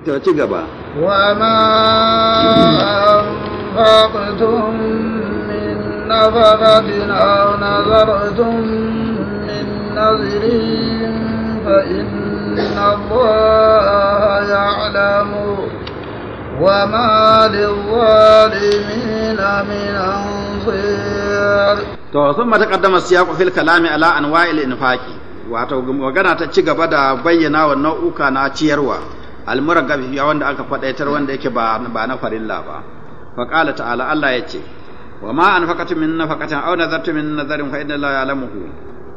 Ta ci gaba wa ma anfaqtum min nafaqatin aw nazartum min nazrin fa inna Allah ya'lamu wa ma lil-zalimin min ansir to kaddama siya ku fil kalami ala anwa'il infaqi wato magana ta ci gaba da bayyana wa nau'uka na ciyarwa almuragab ya wanda aka faɗaitar wanda yake ba ba na farilla ba fa qala ta'ala Allah yace wa ma anfaqatu min nafaqatin aw nazartu min nazarin fa inna Allah ya'lamuhu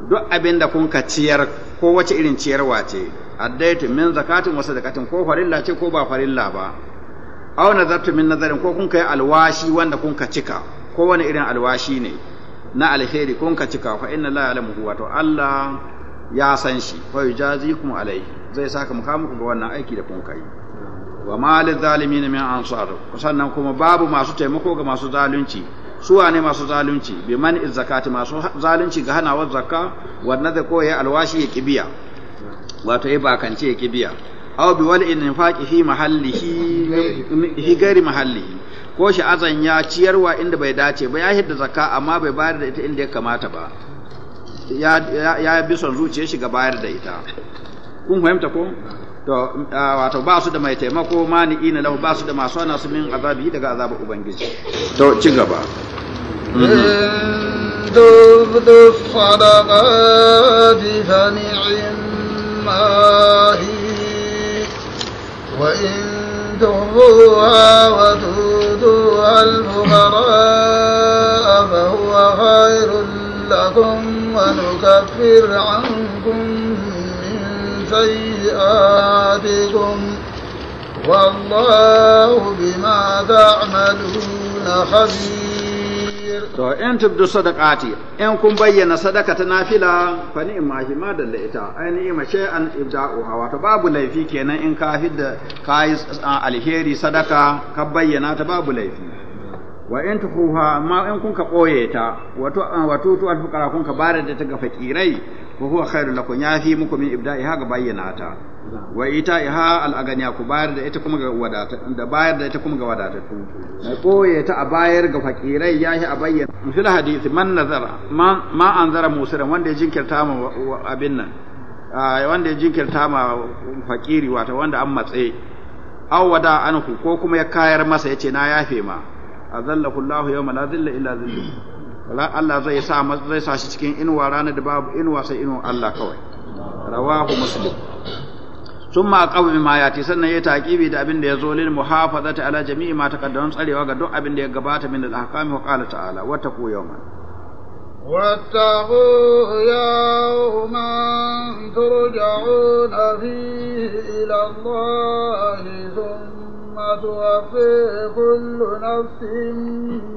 duk abin da kun ka ciyar ko wace irin ciyarwa ce addaitu min zakatin wasa zakatin ko farilla ce ko ba farilla ba aw nazartu min nazarin ko kun kai alwashi wanda kun ka cika ko wani irin alwashi ne na alheri kun ka cika fa inna la ya'lamuhu wato Allah ya san shi fa yujazikum alayhi zai saka muka muku ga wannan aiki da kun kai wa malil zalimin min ansar sannan kuma babu masu taimako ga masu zalunci su wane masu zalunci bi man zakati masu zalunci ga hanawar zakka wanda da koyi alwashi ya kibiya wato ya bakance ya kibiya aw bi wal faqi fi mahallihi hi gari mahallihi ko shi azan ya ciyarwa inda bai dace ba ya hidda zakka amma bai bayar da ita inda ya kamata ba ya ya bi son zuciyar shi ga bayar da ita kun fahimta ko to wato ba su da mai taimako mani ina lahu ba su da masu ana su min azabi daga azabar ubangiji to ci gaba فهو خير لكم ونكفر عنكم سيئاتكم والله بما تعملون خبير to in tubdu sadaqati in kun bayyana sadaka ta nafila fa ni'ma hi ma dalla ita ai ni'ma shay'an ibda'uha wato babu laifi kenan in ka fidda alheri sadaka ka bayyana ta babu laifi wa in tukuha ma in kun ka koye ta wato wato to alfuqara kun ka bare da ta ga fakirai ko huwa khairu lakum ya fi muku min ibda'iha ga bayyana ta wa ita'iha al aganiya ku bayar da ita kuma ga wadata da bayar da ita kuma ga wadatattu mai koye ta a bayar ga fakirai ya shi a bayyana fil hadisi man nazara ma ma anzara musiran wanda ya jinkirta ma abin nan wanda ya jinkirta ma fakiri wato wanda an matse aw wada anhu ko kuma ya kayar masa yace na yafe ma azallahu allah yawma la zilla illa zilluhu Wala Allah zai sa zai sa shi cikin inuwa ranar da babu inuwa sai inuwa Allah kawai rawahu muslim summa qawmi ma yati sannan ya taqibi da abin da yazo lil muhafazati ala jami'i ma taqaddama tsarewa ga duk abin da ya gabata min al ahkami wa qala ta'ala wattaqu yawman واتقوا يوما ترجعون فيه إلى الله ثم توفي كل نفس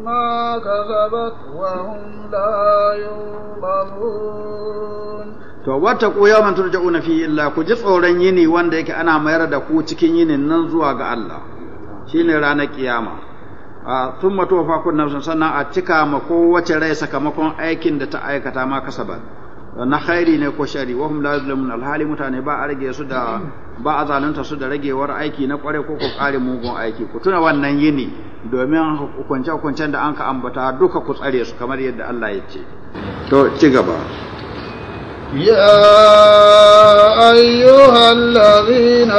ما كذبت وهم لا يظلمون to wata ku yawman turja'una fi illa ku ji tsoron yini wanda yake ana mayar da ku cikin yinin nan zuwa ga Allah shine ranar kiyama a tumma tofa kun nan sannan a cika ma kowace rai sakamakon aikin da ta aikata ma kasabat na khairi ne ko shari wa hum la yuzlamun alhali mutane ba a rage su da ba a zalunta su da ragewar aiki na kware ko ko kare mugun aiki ku tuna wannan yini domin hukunce hukuncen da anka ambata duka ku tsare su kamar yadda Allah ya ce to ci gaba يا أيها الذين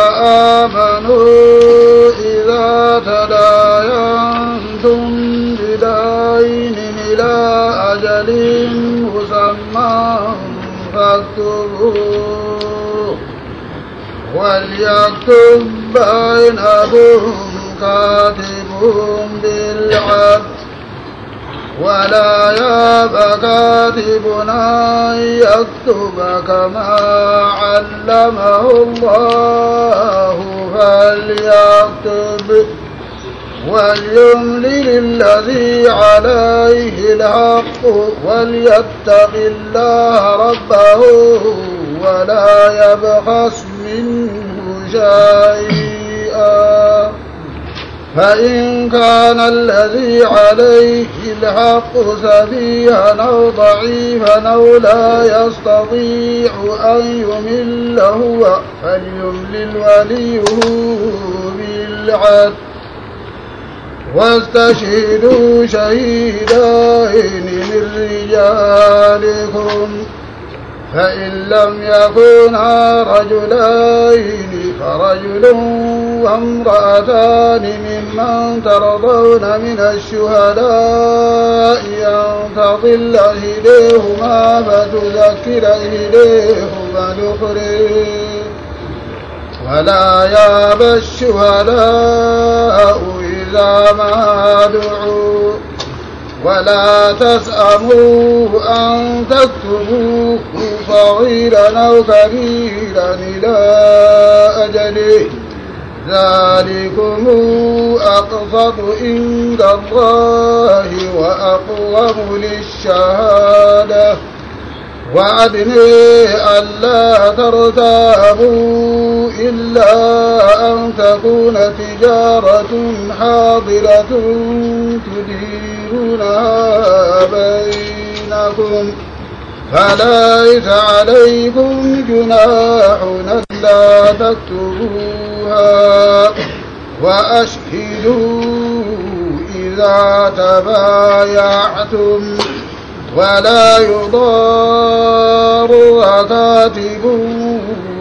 آمنوا فاكتبوه وليكتب بينهم كاتب بالعدل ولا ياب كاتبنا أن يكتب كما علمه الله فليكتب وليملل الذي عليه الحق وليتق الله ربه ولا يبخس منه شيئا فإن كان الذي عليه الحق سبيها أو ضعيفا أو لا يستطيع أن يمل هو فليملل وليه بالعدل واستشهدوا شهيدين من رجالكم فإن لم يكونا رجلين فرجل وامرأتان ممن ترضون من الشهداء أن تضل إليهما فتذكر إليهما الأخرين فلا ياب الشهداء إذا ما دعوا ولا تسأموا أن تكتبوه صغيرا أو كبيرا إلى أجله ذلكم أقصد عند الله وأقوم للشهاده وعدني ألا ترتابوا إلا أن تكون تجارة حاضرة تديرونها بينكم فليس عليكم جناح ألا تكتبوها وأشهدوا إذا تبايعتم ولا يضار كاتب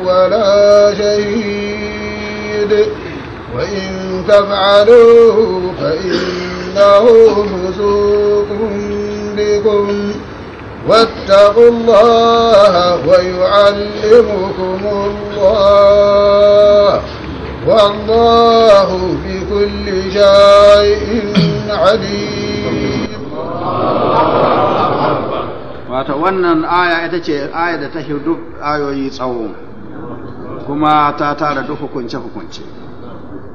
ولا شهيد وإن تفعلوه فإنه فسوق بكم واتقوا الله ويعلمكم الله والله بكل شيء عليم wata wannan aya ita ce aya da ta duk ayoyi tsawo kuma ta tara duk hukunce hukunce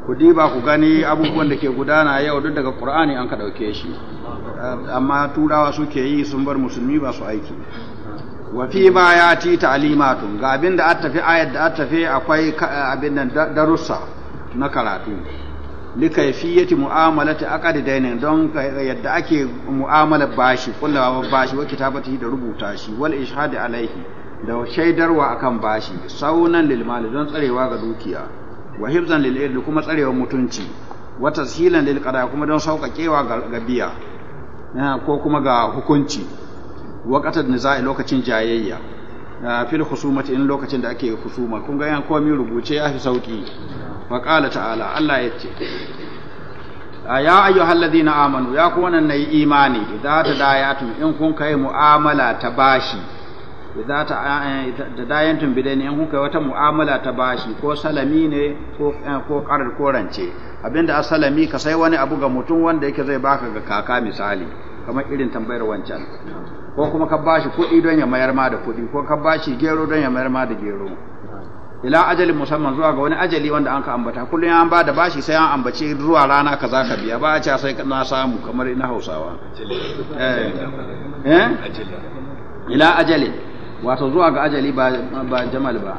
ku diba ku gani abubuwan da ke gudana yau duk daga qur'ani an ka dauke shi amma turawa suke yi sun bar musulmi ba su aiki wa fi ma ya ti ta'limatun ga abin da attafi ayat da attafi akwai abin nan darussa na karatu likaifiyati mu'amalati aqdi dainin don yadda ake mu'amala bashi kullawa bashi wa kitabati da rubuta shi wal ishhadi alaihi da shaidarwa akan bashi saunan lil mali don tsarewa ga dukiya wa hibzan lil kuma tsarewa mutunci wa tashilan lil qada kuma don sauƙaƙewa ga biya ko kuma ga hukunci wa qatad nizai lokacin jayayya fil khusumati in lokacin da ake husuma kun ga yan komai rubuce ya fi sauki wa qala ta'ala Allah ya ce ya ayyuhalladhina amanu ya ku na yi imani idza tadayatum in kun kai eh, in kun kai wata mu'amala ta bashi ko salami ne ko eh, ko qarar korance abinda asalami ka sai wani abu ga mutum wanda yake zai baka ga kaka misali kamar irin tambayar wancan ko kuma ka bashi kuɗi don ya mayar ma da kuɗi ko ka bashi gero don ya mayar ma da gero ila ajalin musamman zuwa ga wani ajali wanda an ka ambata kullum an ba da bashi sai an ambace zuwa rana kaza ka biya ba a ce sai na samu kamar na Hausawa eh, eh. ila ajali wato zuwa ga ajali ba jamal ba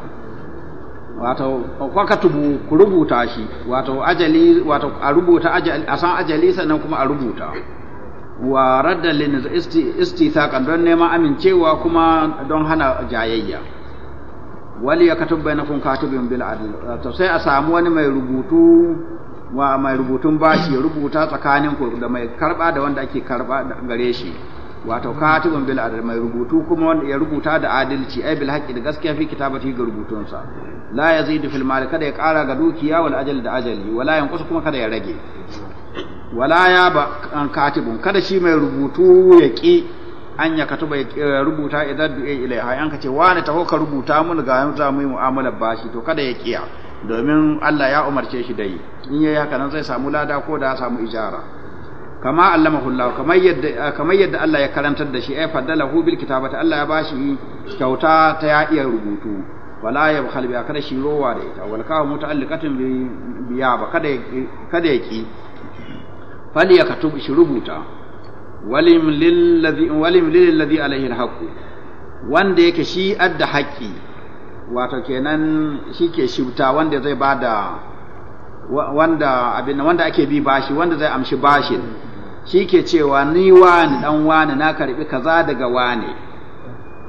wato kwakatubu ku rubuta shi wato ajali wato a rubuta ajali a san ajali sannan kuma a rubuta wa radda ta istithaqan don neman amincewa kuma don hana jayayya wali ya katub bainakum katibun bil adl to sai a samu wani mai rubutu wa mai rubutun bashi ya rubuta tsakanin ku da mai karba da wanda ake karba gare shi wato katubin bil adl mai rubutu kuma wanda ya rubuta da adalci ai bil haqqi da gaskiya fi kitabati ga rubutunsa la yazidu fil mal kada ya kara ga dukiya wal ajal da ajali wala yanqus kuma kada ya rage wala ya ba katibun kada shi mai rubutu ya ki an ya katuba ya eh, rubuta idan du'e ilaiha an ka ce wani taho ka rubuta mun ga za mu yi mu'amalar bashi to kada ya kiya domin Allah ya umarce shi dai in yayi haka nan zai samu lada ko da samu ijara kama allamahu Allah kamar yadda eh, kamar yadda Allah ya karantar da shi ay faddalahu bil kitabati Allah ya bashi kyauta ta ya iya rubutu wala ya bukhal bi akada shi rowa da ita wal ka muta'alliqatun bi biya ba kada kada ya ki fali ya katubu shi rubuta walim lillazi alaihi alhaqu wanda yake shi adda haƙƙi wato kenan shi ke shibta wanda zai bada wanda abin wanda ake bi bashi wanda zai amshi bashin shi ke cewa ni wani dan wani na karbi kaza daga wani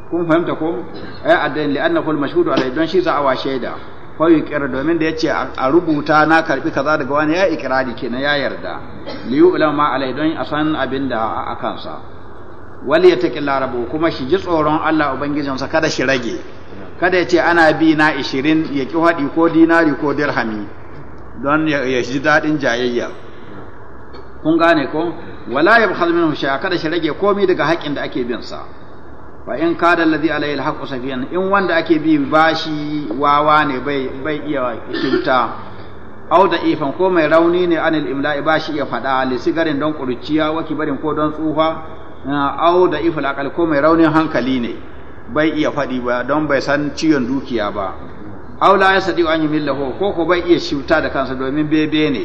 kun fahimta ko ai eh, addain li annahu al-mashhudu don shi za a wa shaida fa yuqir domin da yace a rubuta na karbi kaza daga wani ya ikrari kenan ya yarda li ulama alai don a san abin da a kansa wal yattaqilla rabu kuma shi ji tsoron Allah sa kada shi rage kada ya ana bi na 20 ya ki hadi ko dinari ko dirhami don ya ji dadin jayayya kun gane ko wala yabkhal minhu shay'a kada shi rage komai daga haƙin da ake bin sa fa in kada ladi alayhi alhaq safiyan in wanda ake bi bashi wawa ne bai bai iya kinta au da ifan ko mai rauni ne anil imla'i bashi iya fada li sigarin don kurciya waki barin ko don tsufa au da ifal akal ko mai raunin hankali ne bai iya fadi ba don bai san ciyon dukiya ba au la yasdi an yumillahu ko ko bai iya shiuta da kansa domin bebe ne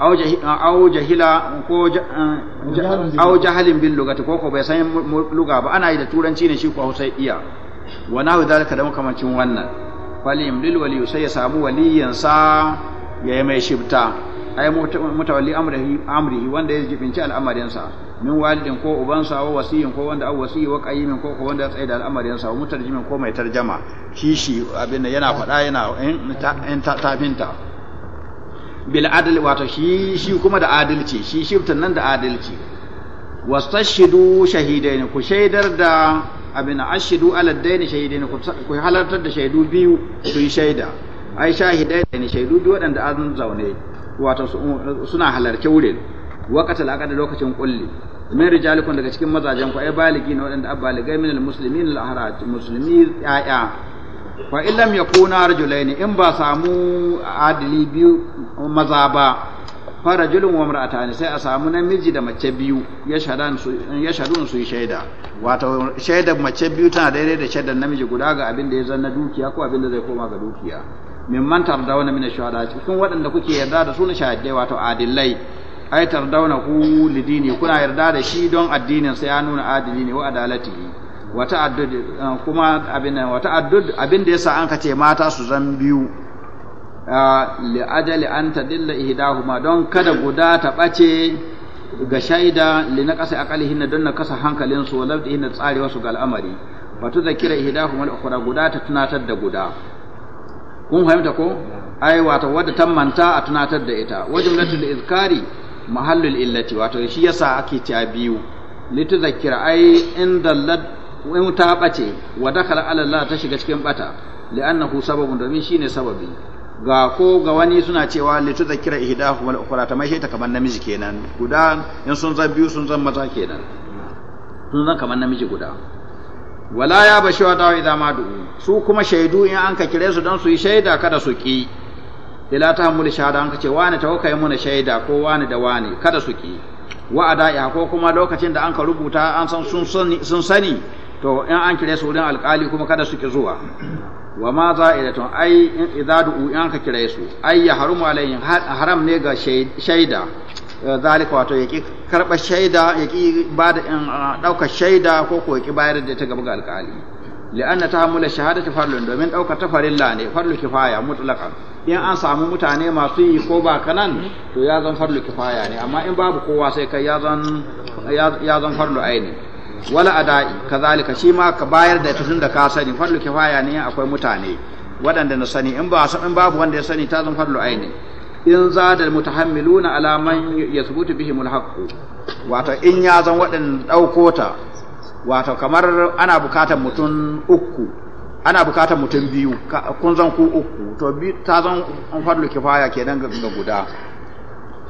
au jahila ko eh, au jahalin bil lugati ko ko bai san luga ba ana yi da turanci ne shi ko Hausa iya wa nahu ka da makamancin wannan fali imlil wali sai ya samu waliyan sa ya yi mai shibta ai mutawalli amrihi amrihi wanda ya jibinci al'amarin sa min walidin ko Uban sa wa wasiyin ko wanda aw wasiyi wa qayyimin ko ko wanda ya tsaida al'amarin sa mutarjimin ko mai tarjama shi abin yana faɗa yana in eh, tafinta eh, bil adl wato shi shi kuma da adalci shi shiftan nan da adalci wastashidu shahidaini ku shaidar da abin ashidu ala daini shahidaini ku halartar da shaidu biyu su yi shaida ai shahidaini shaidu biyu waɗanda an zaune wato suna halarce wurin wakata al da lokacin kulli min rijalikum daga cikin mazajen ku ai baligi ne waɗanda abbaligai min al-muslimin al-ahraj muslimi ya'ya fa illam yakuna rajulaini in ba samu adili biyu maza ba fa rajulun wa mar'atani sai a samu namiji da mace biyu ya shadan su ya shadun su shaida wato mace biyu tana daidai da shaida namiji guda ga abin da ya zanna dukiya ko abin da zai koma ga dukiya mimman tardawna min shuhada cikin waɗanda kuke yarda da su na shahadai wato adillai ai tardawna hu lidini kuna yarda da shi don addinin sai ya nuna adili ne wa adalatihi wata addud eh, kuma abin wata addud abin da yasa an ka ce mata su zan biyu li ajali an tadilla ihdahuma don kada guda ta bace ga shaida li na kasa da don na kasa hankalin su wala da hinna tsare wasu ga al'amari wato da kira ihdahuma al-ukhra guda ta tunatar da guda kun fahimta ko ai wato wadda ta manta a tunatar da ita wajen latul izkari mahallul illati wato shi yasa ake ta biyu Litu zakira ai inda ta bace wa dakala ala Allah ta shiga cikin bata li'annahu sababun domin shine sababi ga ko ga wani suna cewa li tudhkira ihdahu wal ukhra ta mai ta kamar namiji kenan guda in sun zan biyu sun zan maza kenan sun zan kamar namiji guda wala ya bashi wa dawo idan ma du su kuma shaidu in an ka kire su don su yi shaida kada su ki ila ta hamul shahada an ka ce wani tawakkal mun shaida ko wani da wani kada su ki wa'ada ya ko kuma lokacin da an ka rubuta an san sun sani to in an kire su wurin alkali kuma kada su ki zuwa wa ma za'idatun ai idza du'u in aka kire su ai ya harumu alayhin haram ne ga shaida eh, zalika wato yaki karba shaida yaki ba da dauka shaida ko ko yaki bayar da ta gaba ga alkali li'anna tahammula shahadati farlun domin dauka ta farilla ne farlu kifaya mutlaqan in an samu mutane masu yi ko ba kanan to ya zan farlu kifaya ne amma in babu kowa sai kai ya zan ya zan farlu aini wala ada'i kazalika shi ma ka bayar da ita tun da ka sani farlu kifaya ne akwai mutane waɗanda na sani in ba in babu wanda ya sani ta zan farlu aini in za da mutahammiluna ala man yathbutu bihim mulhaqqu wato in ya zan waɗanda ɗauko ta wato kamar ana bukatar mutum uku ana bukatar mutum biyu kun zan ku uku to ta zan farlu kifaya kenan ga guda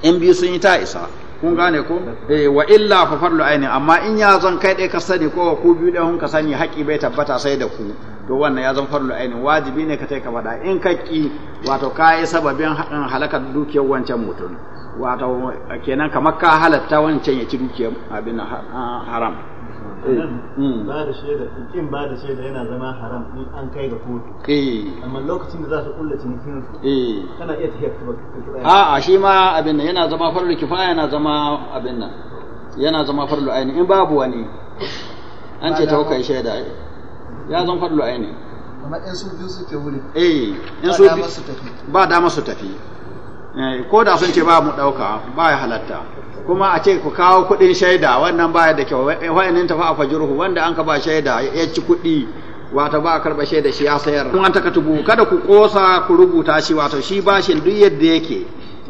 in biyu sun yi ta isa kun gane ko eh wa illa fa farlu aini amma in ya zan kai dai ka sani ko ku biyu da ka sani haƙi bai tabbata sai da ku to wannan ya zan farlu aini wajibi ne ka tai ka faɗa in ka ki wato ka yi sababin halakar dukiyar wancan mutum wato kenan kamar ka halatta wancan ya ci dukiyar abin haram Eh, mm. ba da shaida kin ba da shaida yana zama haram in an kai ga kotu eh. amma lokacin da za su kullace cinikin su eh. kana iya tafiya a a shi ma abin nan yana zama farlu kifaya yana zama abin nan yana zama farlu aini in babu wani an ce ta kai shaida ya zama farlu aini amma in su biyu suke wuri eh in su ba da su tafi Eh, ko da sun ce ba mu ɗauka ba ya halatta kuma a ce ku kawo kuɗin shaida wannan baya da kyau wa'inin tafi a fajirhu wanda an ka ba shaida ya ci kuɗi wato ba a karɓa shaida shi ya sayar kuma an taka tubu kada ku ƙosa ku rubuta shi wato shi bashin duk yadda yake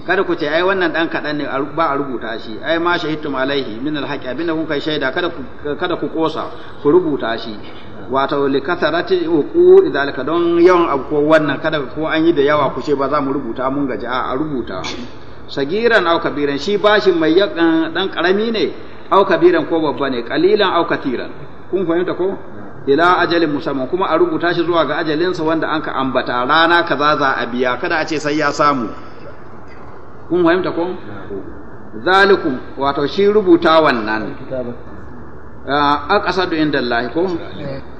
kada ku ce ai wannan dan kaɗan ne ba a rubuta shi ai ma shahidtum alaihi min alhaqi abinda kun kai shaida kada ku kada ku ƙosa ku rubuta shi wato li kasarati uku idalika don yawan abu ko wannan kada ko an yi da yawa kushe ba za mu rubuta mun gaji a rubuta sagiran au kabiran shi bashin mai yakan eh, dan karami ne au kabiran ko babba ne kalilan au katiran kun fahimta ko ila ajalin musamman kuma a rubuta shi zuwa ga ajalinsa wanda an ka ambata rana kaza za a biya kada a ce sai ya samu kun fahimta ko zalikum wato shi rubuta wannan a ƙasar da inda ko eh.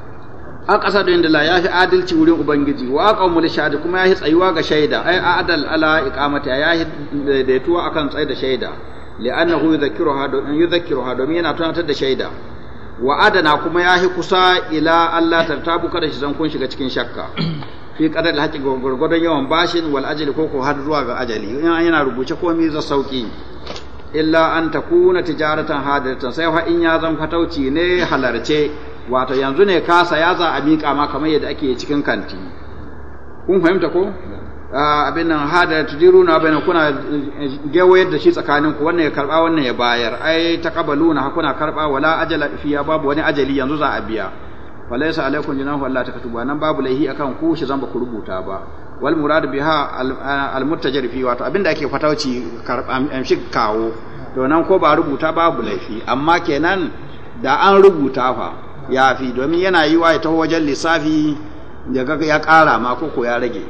an ƙasa da yadda ya fi adalci wurin ubangiji wa aka umar shahada kuma ya fi tsayuwa ga shaida ai adal ala iqamata ya fi daidaituwa akan tsaye da shaida li'annahu yi domin ha domin yana tunatar da shaida wa adana kuma ya fi kusa ila Allah tartabu kada shi zan kun shiga cikin shakka fi ƙadar da haƙƙi gwargwadon yawan bashin wal'ajali ko ko har zuwa ga ajali yana rubuce komai zan sauki illa an ta kuna tijaratan hadiratan sai fa in ya zan fatauci ne halarce wato yanzu ne ka saya za a miƙa ma kamar yadda ake cikin kanti kun fahimta ko ah, abin nan hada tudiruna bayan kuna eh, gewayar da shi tsakanin ku wannan ya karba wannan ya bayar ai na hakuna karba wala ajala ya babu wani ajali yanzu za a biya falaysa alaikum jinahu wallahi ta katuba nan babu laihi akan ku shi zan ba ku rubuta ba wal murad biha al eh, muttajir fi wato abinda ake fatauci karba amshi eh, kawo to nan ko ba rubuta babu laifi amma kenan da an rubuta fa ya fi domin yana yi wa ya wajen lissafi ya ƙara ma ko ya rage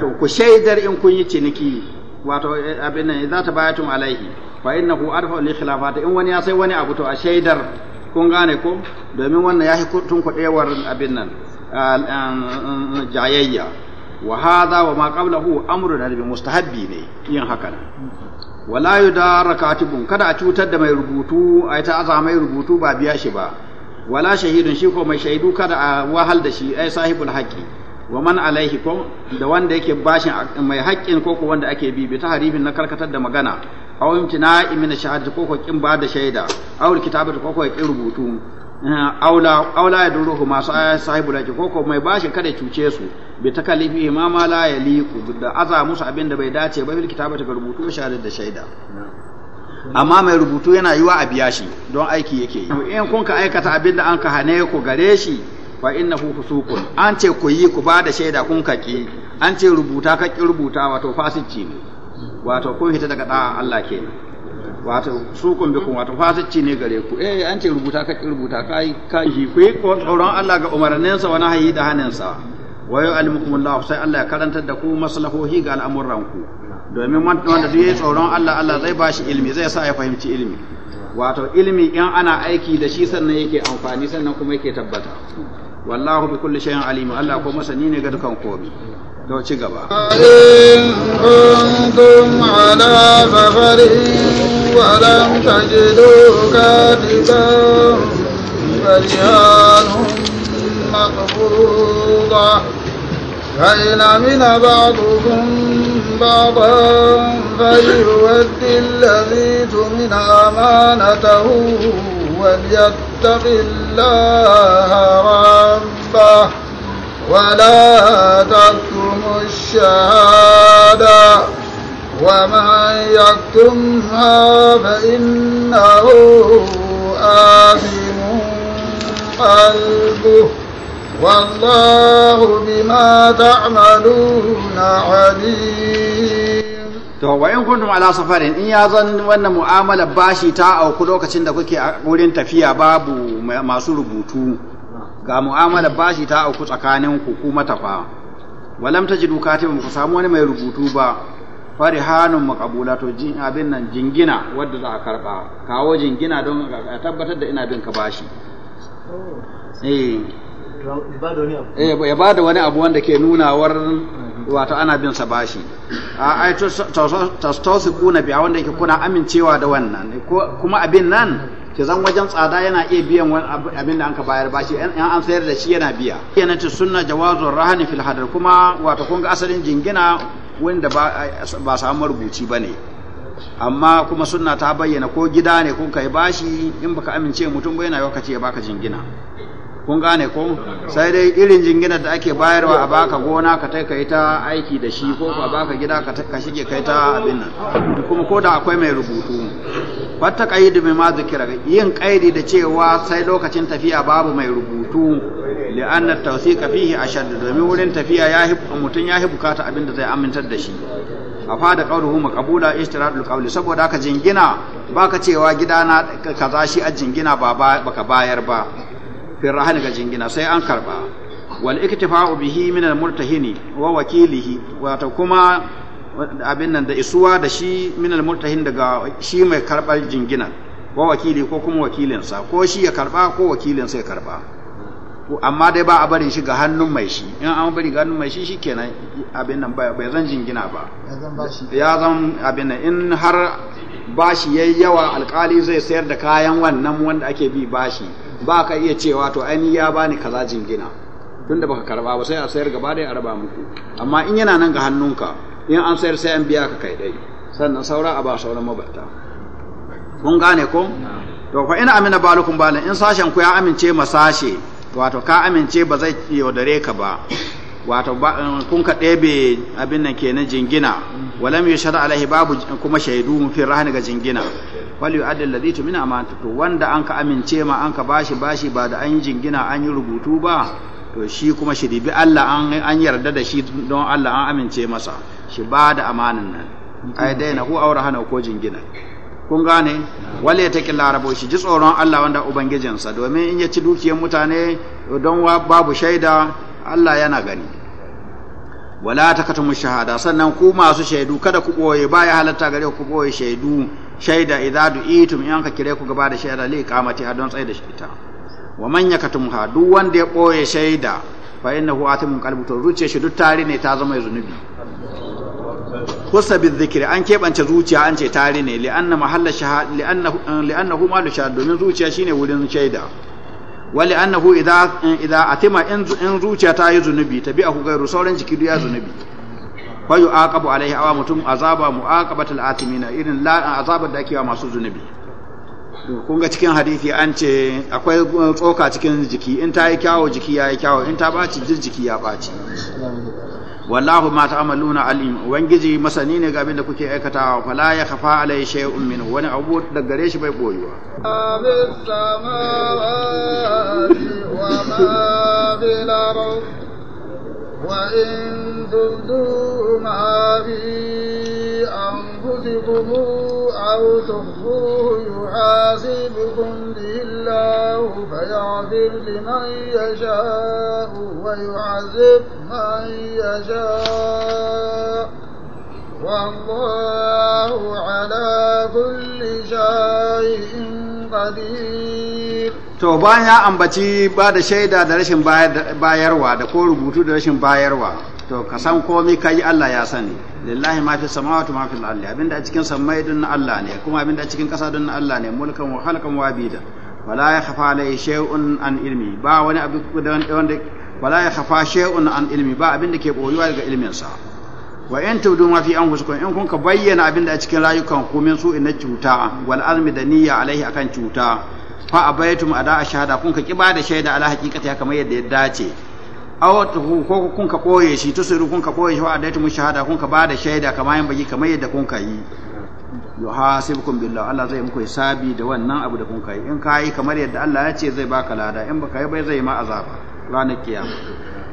to ku shaidar in kun yi ciniki wato eh, abin nan za ta bayatun alaihi fa innahu arfa li khilafati in wani ya sai wani abu to a shaidar kun gane ko domin wannan ya tun kudewar abin nan jayayya wa hadha wa ma qablahu amrun bi mustahabbi ne yin hakan wala yudara katibun kada a cutar da mai rubutu a ta azama rubutu ba biya shi ba wala shahidun shi ko mai shaidu kada a wahal da shi ai sahibul haqqi wa man alaihi ko da wanda yake bashin mai haƙƙin ko ko wanda ake bi bi ta harifin na karkatar da magana aw imtina min shahadati ko ko kin ba da shaida aw kitabati ko ko kin rubutu eh, aula aula ya duruhu masu sahibul haqqi ko ko mai bashin kada cuce su bi takalifi ma ma la yaliqu da aza musu abin da bai dace ba bil kitabati ga rubutu shahadati da shaida amma mai rubutu yana yiwa a biya shi don aiki yake yi in kun ka aikata abin da an ka hane ku gare shi fa innahu fusukun an ce ku yi ku ba da shaida kun ka ki an ce rubuta ka ki rubuta wato fasici ne wato kun hita daga da'a Allah kenan wato sukun kun wato fasici ne gare ku eh an ce rubuta ka ki rubuta kai kai ku yi tsoron Allah ga umarninsa wani hayi da haninsa wa yu'allimukum alimukumullahu sai Allah ya karantar da ku maslahohi ga al'amuran ku. domin wanda duk yayi tsoron Allah Allah zai bashi ilimi zai sa ya fahimci ilimi wato ilimi in ana aiki da shi sannan yake amfani sannan kuma yake tabbata wallahu bi kulli shay'in alim Allah ko masani ne ga dukan komai to ci gaba kuntum ala safari wa lam tajidu maqbuda بعضا فليؤدي الذي تمن أمانته وليتق الله ربه ولا تكتم الشهادة ومن يكتمها فإنه آثم قلبه والله بما تعملون عليم to wayan kuntum ala safarin in ya zan wannan mu'amala bashi ta auku lokacin da kuke a wurin tafiya babu masu rubutu ga mu'amala bashi ta auku tsakanin ku kuma tafa walam tajidu katiban ku samu wani mai rubutu ba farihanun maqabula to jin abin nan jingina wadda za a karba kawo jingina don a tabbatar da ina bin ka bashi eh Eh, ya ba da wani abu wanda ke nunawar wato ana bin sa bashi a ai na biya, wanda yake kuna amincewa da wannan kuma abin nan ke zan wajen tsada yana iya biyan wani abin da anka bayar bashi in an sayar da shi yana biya yana ta sunna jawazun rahani fil hadar kuma wato kun ga asalin jingina wanda ba samu marubuci bane amma kuma sunna ta bayyana ko gida ne kun kai bashi in baka amince mutum ba yana yau ka ce baka jingina kun gane ko sai dai irin jinginar da ake bayarwa a baka gona ka tai kai ta aiki da shi ko a baka gida ka shige kai ta abin nan kuma ko da akwai mai rubutu fatta kaidi mai ma zikira yin kaidi da cewa sai lokacin tafiya babu mai rubutu li'anna tawsiqa fihi ashad domin wurin tafiya ya mutun ya bukata abin da zai amintar da shi a fada qawluhu maqbula istiradul qawli saboda ka jingina baka cewa gidana kaza shi a jingina ba baka bayar ba firrahani ga jingina sai an karba wal iktifa'u bihi min al murtahini wa wakilihi wato kuma abin nan da isuwa da shi min al murtahin daga shi mai karbar jingina wa wakili ko kuma wakilinsa ko shi ya karba ko wakilinsa ya karba amma dai ba a barin shi ga hannun mai shi in an bari ga hannun mai shi shikenan abin nan bai zan jingina ba ya zan abin nan in har bashi yayi yawa alkali zai sayar da kayan wannan wanda ake bi bashi ba ka iya cewa to ainihin ya bani kaza jingina tunda baka karba ba sai a sayar gaba da a raba muku amma in yana nan ga hannunka in an sayar sai an biya ka kai dai sannan saura a ba sauran mabarta kun gane ko to fa ina amina balukum bala in sashen ku ya amince ma sashe wato ka amince ba zai yaudare ka ba wato eh, kun ka ɗebe abin nan na jingina walam shara alaihi babu kuma shaidu fi rahani ga jingina wal yu'addil ladhi tumina amanatu to wanda an ka amince ma an ka bashi bashi ba da an jingina an yi rubutu ba to shi kuma shi dibi Allah an yarda da shi don Allah an amince masa shi ba da amanin nan ai daina ko aure hana ko jingina kun gane wale ta ƙi rabo shi ji tsoron Allah wanda ubangijinsa domin in ya ci dukiyar mutane don babu shaida Allah yana gani wala takatumu shahada sannan ku masu shaidu kada ku boye baya halatta gare ku boye shaidu shaida idza du'itum in ka kire ku gaba da shaida li kamati hadon tsaye da shaita wa man yakatumha duk wanda ya boye shaida fa innahu atimun qalbu to zuciya shi duk tari ne ta zama zunubi kusa bi zikiri an keɓance zuciya an ce tari ne li'anna mahalla shahada li'annahu eh, malu shahada domin zuciya shine wurin shaida wali annahu idza idza atima in zuciya ta yi zunubi tabi'ahu gairu sauran jiki duk ya zunubi fa yu'aqabu alaihi awa mutum azaba mu'aqabatul atimina irin la azabar da ake wa masu zunubi kun ga cikin hadisi an ce akwai tsoka cikin jiki in ta yi kyawo jiki ya yi kyawo in ta ɓaci jiki ya baci. wallahu ma ta'maluna alim wangiji masani ne ga abin da kuke aikatawa fala ya khafa alai shay'un min wani abu da gare shi bai boyuwa وإن تبدوا تكذبوه أو تخفوه يحاسبكم به الله فيغفر لمن يشاء ويعذب من يشاء والله على كل شيء قدير to bayan ya ambaci ba da shaida da rashin bayarwa da ko rubutu da rashin bayarwa to ka san komai yi Allah ya sani lillahi ma fi samawati ma fi al-ardi abinda a cikin samai dun Allah ne kuma abinda a cikin ƙasa dun Allah ne mulkan wa khalqan wa bida wala khafa alayhi shay'un an ilmi ba wani abu wanda wala khafa shay'un an ilmi ba abinda ke boyuwa daga ilmin sa wa in tudu ma fi anfusikum in kun ka bayyana abinda a cikin rayukan ku min su inna cuta wal azmi da niyya alaihi akan cuta fa abaitum ada ashada kun ka kiba da shaida ala haqiqati kamar yadda ya dace awatuhu ko kun ka koye shi tusiru kun ka koye shi wa adaitu shahada kun ka bada shaida kamar yan baki kamar yadda kun ka yi yuhasibukum billah Allah zai muku hisabi da wannan abu da kun ka yi. in ka yi kamar yadda Allah ya ce zai baka lada in baka yi bai zai ma azaba ranar kiyama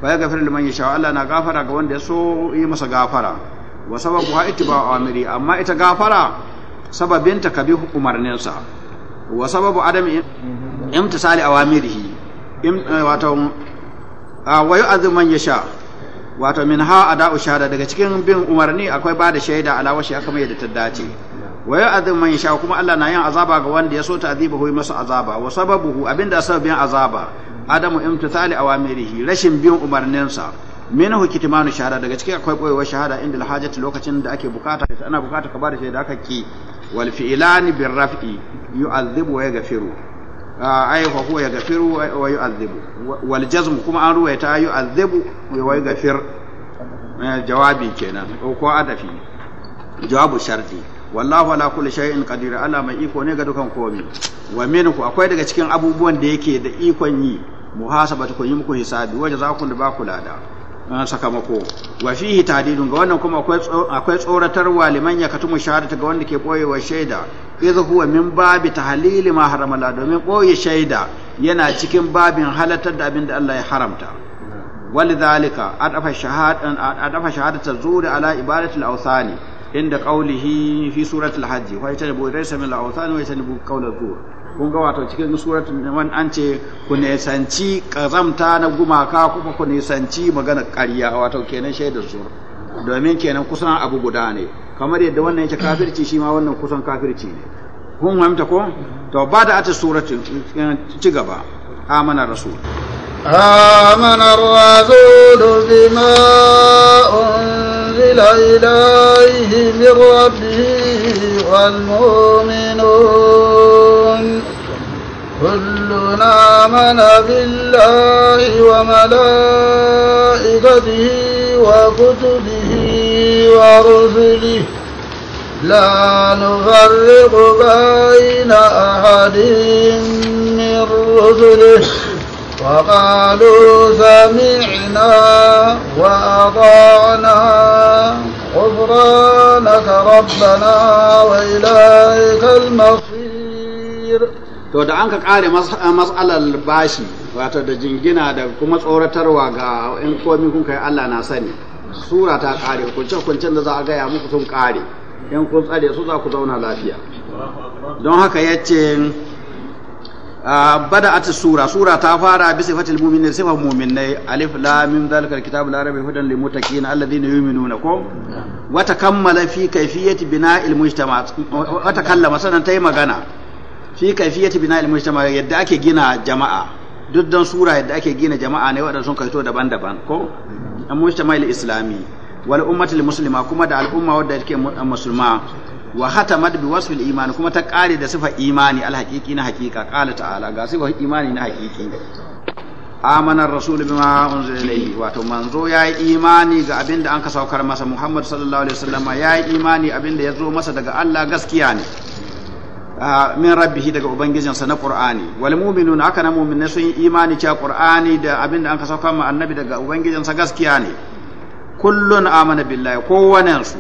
fa ya gafara liman yasha Allah na gafara ga wanda ya so yi masa gafara wa sababu ha ittiba amiri amma ita gafara sababin ta kabi hukumarnin sa wa sababu adam imtisali awamirihi wato Ah, wa yu'adhibu man yasha wato min ha ada'u shahada daga cikin bin umarni akwai ba da shaida ala washi aka mai da ta dace Wayo yu'adhibu man yasha kuma Allah na yin azaba ga wanda ya so ta'dhibahu yi masa azaba wa sababu, abinda sababin azaba adamu imtithali awamirihi rashin bin umarninsa minhu kitimanu shahada daga cikin akwai koyewar shahada inda alhajat lokacin da ake bukata ana bukata ka ba da shaida aka ki wal fi'lani raf'i yu'adhibu wa yaghfiru ai fa huwa yaghfiru wa yu'adhibu wal jazm kuma an ta yu'adhibu wa yaghfir jawabi kenan ko adafi jawabu sharti wallahu ala kulli shay'in qadir Allah mai iko ne ga dukan komai wa minhu akwai daga cikin abubuwan da yake da ikon yi muhasabatu ko yi muku hisabi za ku da ku lada sakamako wa fihi tadidun ga wannan kuma akwai akwai tsoratarwa liman yakatumu shahadata ga wanda ke boyewa shaida iz huwa min babi tahlili ma haramala domin koyi shaida yana cikin babin halatar da abin da Allah ya haramta walidhalika adafa shahadan adafa shahadatul zuri ala ibadatul awsani inda qawlihi fi suratul hajj wa yatanabu laysa min al-awsani wa yatanabu qawlal zur kun ga wato cikin suratul man an ce ku nisanci kazamta na gumaka kuma ku nisanci magana ƙarya wato kenan shaidar zur domin kenan kusan abu guda ne kamar yadda wannan yake kafirci shi ma wannan kusan kafirci ne kun fahimta ko to ba da ata surati ci gaba amana rasul آمن الرسول بما أنزل إليه من ربه والمؤمنون كلنا آمن بالله وملائكته وكتبه ورسله لا نفرق بين أحد من رسله وقالوا سمعنا وأطعنا غفرانك ربنا وإليك المصير to da an ka kare matsalar eh, bashi wato da jingina da kuma tsoratarwa ga in komi kun kai Allah na sani sura ta kare hukunce-hukuncen da za a gaya muku sun kare in kun tsare su za ku zauna lafiya don haka ya ce bada ati sura sura ta fara bi sifatil mu'minin sifar mu'minai alif lam mim zalikal kitabu la raiba hudan lil muttaqin alladhina yu'minuna ko wa takammala fi kayfiyati bina'il mujtama wa takallama sanan tayi magana fi kayfiyati bina'il mujtama yadda ake gina jama'a duk dan sura yadda ake gina jama'a ne waɗansu sun kaito daban-daban ko mujtama'il islami wal al muslima kuma da al'umma wadda take musulma wa hatamat bi wasfi al-iman kuma ta kare da sifa imani al-haqiqi na haqiqa qala ta'ala ga sifar imani na haqiqi amana ar-rasul bima unzila ilayhi wato manzo yayi imani ga abinda an ka saukar masa Muhammad sallallahu alaihi wasallama yayi imani abinda ya zo masa daga Allah gaskiya ne min rabbihi daga ubangijinsa na qur'ani wal mu'minuna aka na mu'minne sun imani cewa qur'ani da abin da an ka kan annabi daga ubangijinsa gaskiya ne kullun amana billahi kowane su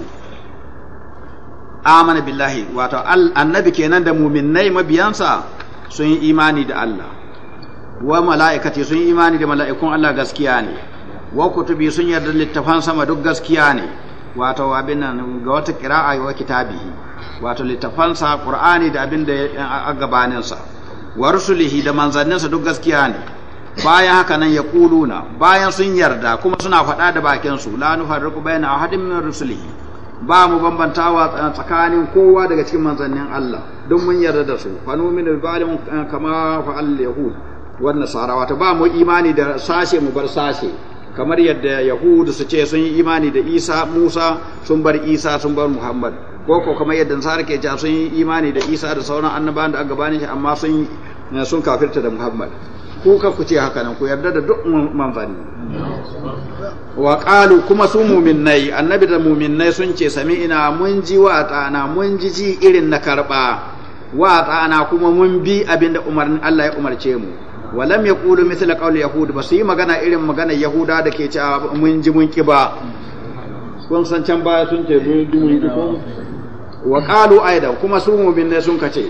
amana billahi wato annabi kenan da mu'minnai mabiyansa sun yi imani da Allah wa mala'ikati sun yi imani da mala'ikun Allah gaskiya ne wa kutubi sun yarda littafan sama duk gaskiya ne wato abin nan ga wata qira'a wa kitabihi wato littafansa qur'ani da abin da a gabaninsa wa rusulihi da manzanninsa duk gaskiya ne bayan haka nan ya kuluna bayan sun yarda kuma suna faɗa da bakinsu la nufarriqu baina ahadin min rusulihi ba mu bambantawa tsakanin kowa daga cikin manzannin Allah don mun yarda da su fa nu'minu bi ba'dihim eh, kama fa'al yahud wan nasara wato ba mu imani da sashe mu bar sashe kamar yadda yahudu su ce sun yi imani da isa musa sun bar isa sun bar muhammad ko ko kamar yadda nasara ke cewa sun yi imani da isa da sauran annabawan da aka gabani shi amma sun eh, sun kafirta da muhammad ku ka ku ce haka nan ku yarda da duk manzanni wa qalu kuma su mu'minnai annabi da mu'minnai sun ce sami'ina mun ji wa ta'ana mun ji ji irin na karba wa ta'ana kuma mun bi abinda umarni Allah ya umarce mu walam ya ƙulu misali ƙaunar yahudu ba su yi magana irin magana yahuda da ke ci mun ji mun ƙi ba kun san can baya sun ce mun ji mun ƙi wa ƙalu aida kuma su muminne sun kace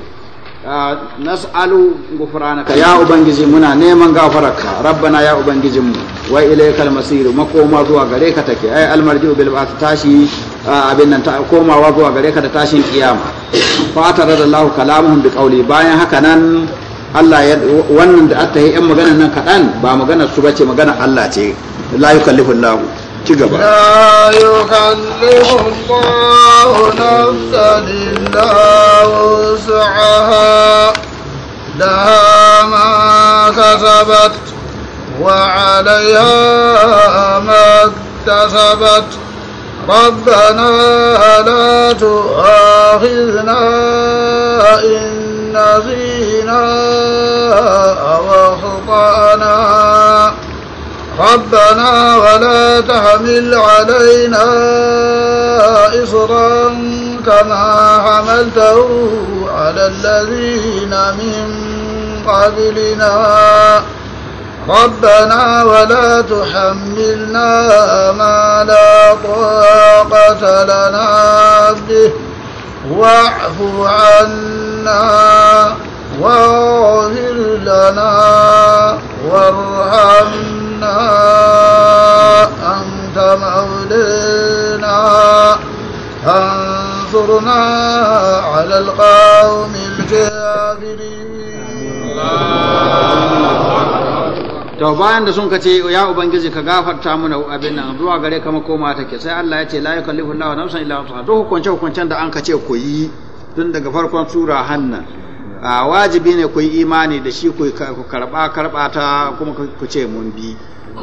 nas'alu gufranaka ya ubangiji muna neman gafararka rabbana ya ubangijinmu wa ilaikal masir makoma zuwa gare ka take ai almarji'u bil ba'th tashi abin nan ta komawa zuwa gare ka da tashin kiyama fatara da Allah kalamuhum bi qawli bayan haka nan Allah ya wannan da aka yi yan magana nan kaɗan ba magana su bace magana Allah ce la yukallifu Allah ci gaba la yukallifu Allah nafsan illa wus'aha laha ma kasabat wa 'alayha ma iktasabat ربنا لا تؤاخذنا إن الناس إناء وخطأنا ربنا ولا تحمل علينا إصرا كما حملته على الذين من قبلنا ربنا ولا تحملنا ما لا طاقة لنا به واعف عنا ربنا على القوم الكافرين to bayan da sun ka ce ya ubangiji ka gafarta mana abin nan zuwa gare ka makoma take sai Allah ya ce la yukallifu Allahu nafsan illa wus'aha duk hukunce hukuncen da an ka ce ku yi tun daga farkon sura hannan a wajibi ne ku yi imani da shi ku karba karba ta kuma ku ce mun bi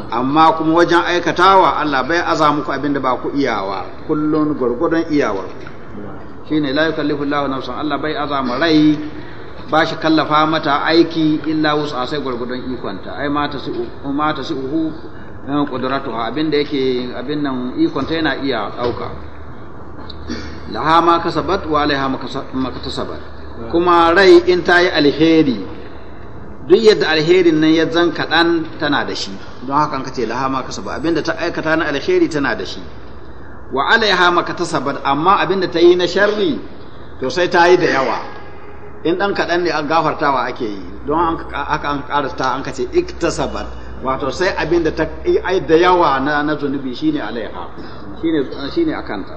amma kuma wajen aikatawa Allah bai aza muku abin da ba ku iyawa kullun gwargwadon iyawar shine la yukallifu Allahu nafsan Allah bai azama rai ba shi kallafa mata aiki illa wusa sai gurgudun ikonta ai mata su mata su uhu eh, qudratuha abin da yake abin nan ikonta yana iya dauka laha ma kasabat wa alaiha ma kasabat kuma rai in ta yi alheri duk yadda alherin nan ya zan kaɗan tana da shi don haka kace laha ma kasaba abin da ta aikata na alheri tana da shi wa alaiha sabat amma abinda ta yi na sharri to sai ta yi da yawa in dan kaɗan ne an gafartawa ake yi don haka an karasta an kace iktasabat wato sai abinda ta yi da yawa na na zunubi shine alaiha shine shine akanta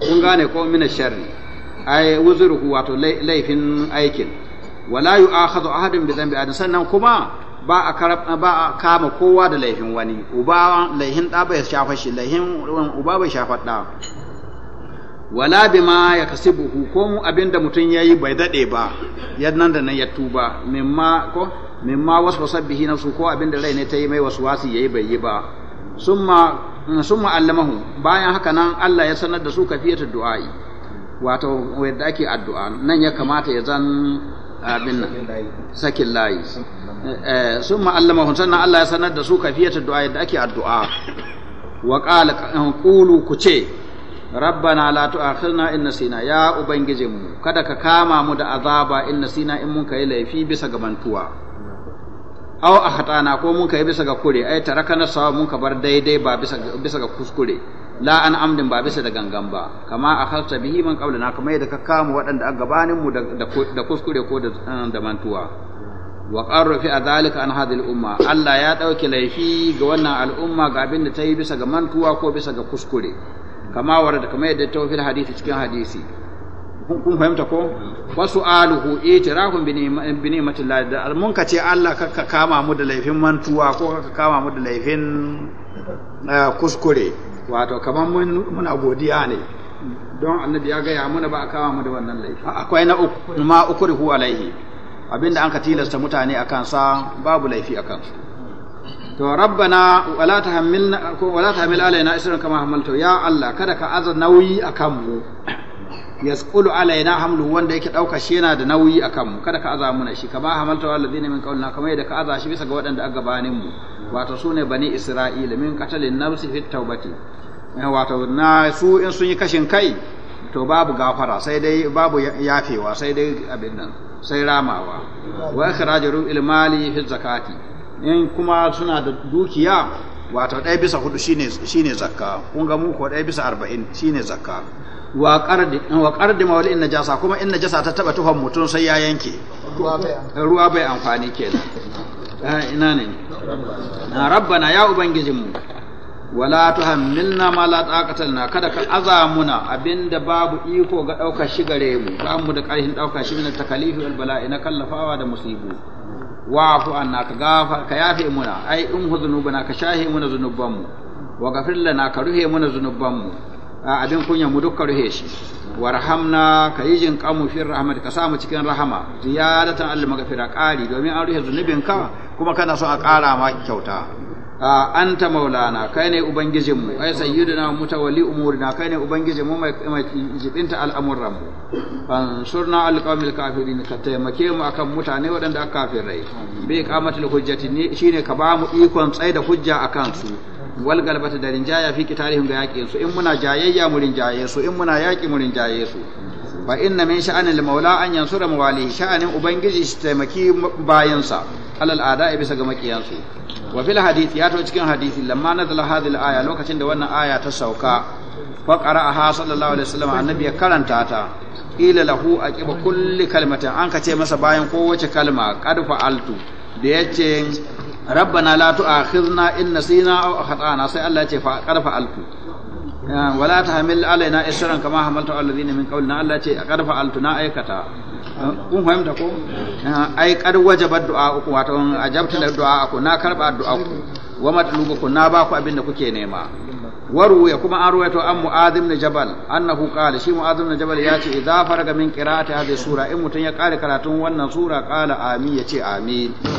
kun gane ko mina sharri ai wuzuruhu wato laifin aikin wala yu'akhadhu ahadun bi dhanbi adan sannan kuma ba a ba a kama kowa da laifin wani uba laifin da bai shafa shi laihin uba bai shafa da wala bima ya kasibuhu ko mu abinda mutum yayi bai dade ba yannan da nan ya tuba mimma ko mimma waswasa bihi nafsu ko abinda rai ne ta yi mai waswasi yayi bai yi ba summa eh, summa allamahu bayan haka nan Allah ya sanar da su kafiyatu du'a'i wato yadda ake addu'a nan ya kamata ya zan abin nan sakin layi Eh, sun ma'allama hun sannan Allah ya sanar da su kafiyatar du'a yadda ake addu'a wa ƙala ƙulu eh, ku ce rabbana la tu'akhirna in nasina ya ubangijinmu kada ka kama mu da azaba in nasina in mun kai laifi bisa ga mantuwa aw akhatana ko mun kai bisa ga kure ai tarakana sawa mun ka bar daidai ba bisa bisa ga kuskure la an amdin ba bisa da gangan ba kama akhadta bihi man qablana kamar yadda ka kama waɗanda a gabanin mu da kuskure ko da eh, mantuwa wa qarrafi adhalika an hadhihi umma Allah ya ɗauki laifi ga wannan al'umma ga abin da ta yi bisa ga mantuwa ko bisa ga kuskure kama warda kama yadda ta fil hadisi cikin hadisi kun fahimta ko wa su'aluhu itirafun bi ni'matillah da mun ce Allah ka kama mu da laifin mantuwa ko ka kama mu da laifin eh, kuskure wato kaman mun muna godiya ne don annabi ya ga ya muna ba a kama mu da wannan laifi akwai na uku ma ukrihu alaihi abinda an ka tilasta mutane a kansa babu laifi a kansu to rabbana wala ta ko wala tahmil alaina isran kama hamalta ya Allah kada ka aza nauyi akan mu tsulu alaina hamlu wanda yake ɗauka shi yana da nauyi akan mu kada ka aza muna shi kama hamalta wal ladina min qawlina kama yadda ka aza shi bisa ga waɗanda aga gabanin mu wato ne bani isra'ila min katalin nafsi fit tawbati eh, wato na su in sun yi kashin kai to babu gafara sai dai babu yafewa sai dai abin nan sai ramawa wa ikhraju ru'il mali fi zakati in kuma suna da dukiya wato ɗaya bisa hudu shine shine zakka kun ga mu ko ɗaya bisa arba'in shine zakka wa qardi wa qardi mawali in najasa kuma in najasa ta taba tuhon mutun sai ya yanke ruwa bai amfani kenan eh, ina ne rabbana ya ubangijinmu wala tuhammilna ma la taqata lana kada ka azamuna abinda babu iko ga dauka shi gare mu ba mu da karfin dauka shi min takalifi wal bala'i na kallafawa da musibu wa'fu anna ka gafa ka yafe muna ai in hu zunubana ka shahe muna zunuban mu wa gafir lana ka ruhe muna zunuban mu abin kunya mu duk ka ruhe shi warhamna ka yi jin kamu fi rahmat ka samu cikin rahama ziyadatan al maghfira qari domin an ruhe zunubin ka kuma kana so a kara ma kyauta anta maulana kai ne ubangijinmu ai sayyidina mutawalli umurina kai ne ubangijinmu mai jibinta al'amuran mu fansurna alqawmil kafirin ka taimake mu akan mutane waɗanda aka kafirai bi iqamatul hujjati shine ka ba mu ikon tsai da hujja akan su wal galbata da rinjaya fi kitarihim ga yaqin su in muna jayayya mu rinjaye su in muna yaƙi mu rinjaye su fa inna min sha'anil maula an yansura mawali sha'anin ubangiji shi taimaki bayansa alal ada'i bisa ga makiyansu wa fil hadith ya to cikin hadisi lamma nazala hadhihi al-aya lokacin da wannan aya ta sauka fa qara'aha sallallahu alaihi wasallam annabi ya karanta ta ila lahu aqiba kulli kalmatin an kace masa bayan kowace kalma qad fa'altu da yace rabbana la tu'akhidhna in nasina aw akhtana sai Allah ya ce fa qad fa'altu wala tahmil alaina isran kama hamaltu alladhina min qawlina Allah ya ce qad fa'altu na aikata kun fahimta ko ah, ai kar wajaba du'a uku wato ajabta da du'a uku na karba du'a ku wa matlubu ku na ba ku abin da kuke nema waru ya kuma an ruwaito an mu'adh ibn jabal annahu qala shi mu'adh ibn jabal ya ce idza faraga min qira'ati hadhihi sura in mutun ya kare karatun wannan sura qala amin ya ce amin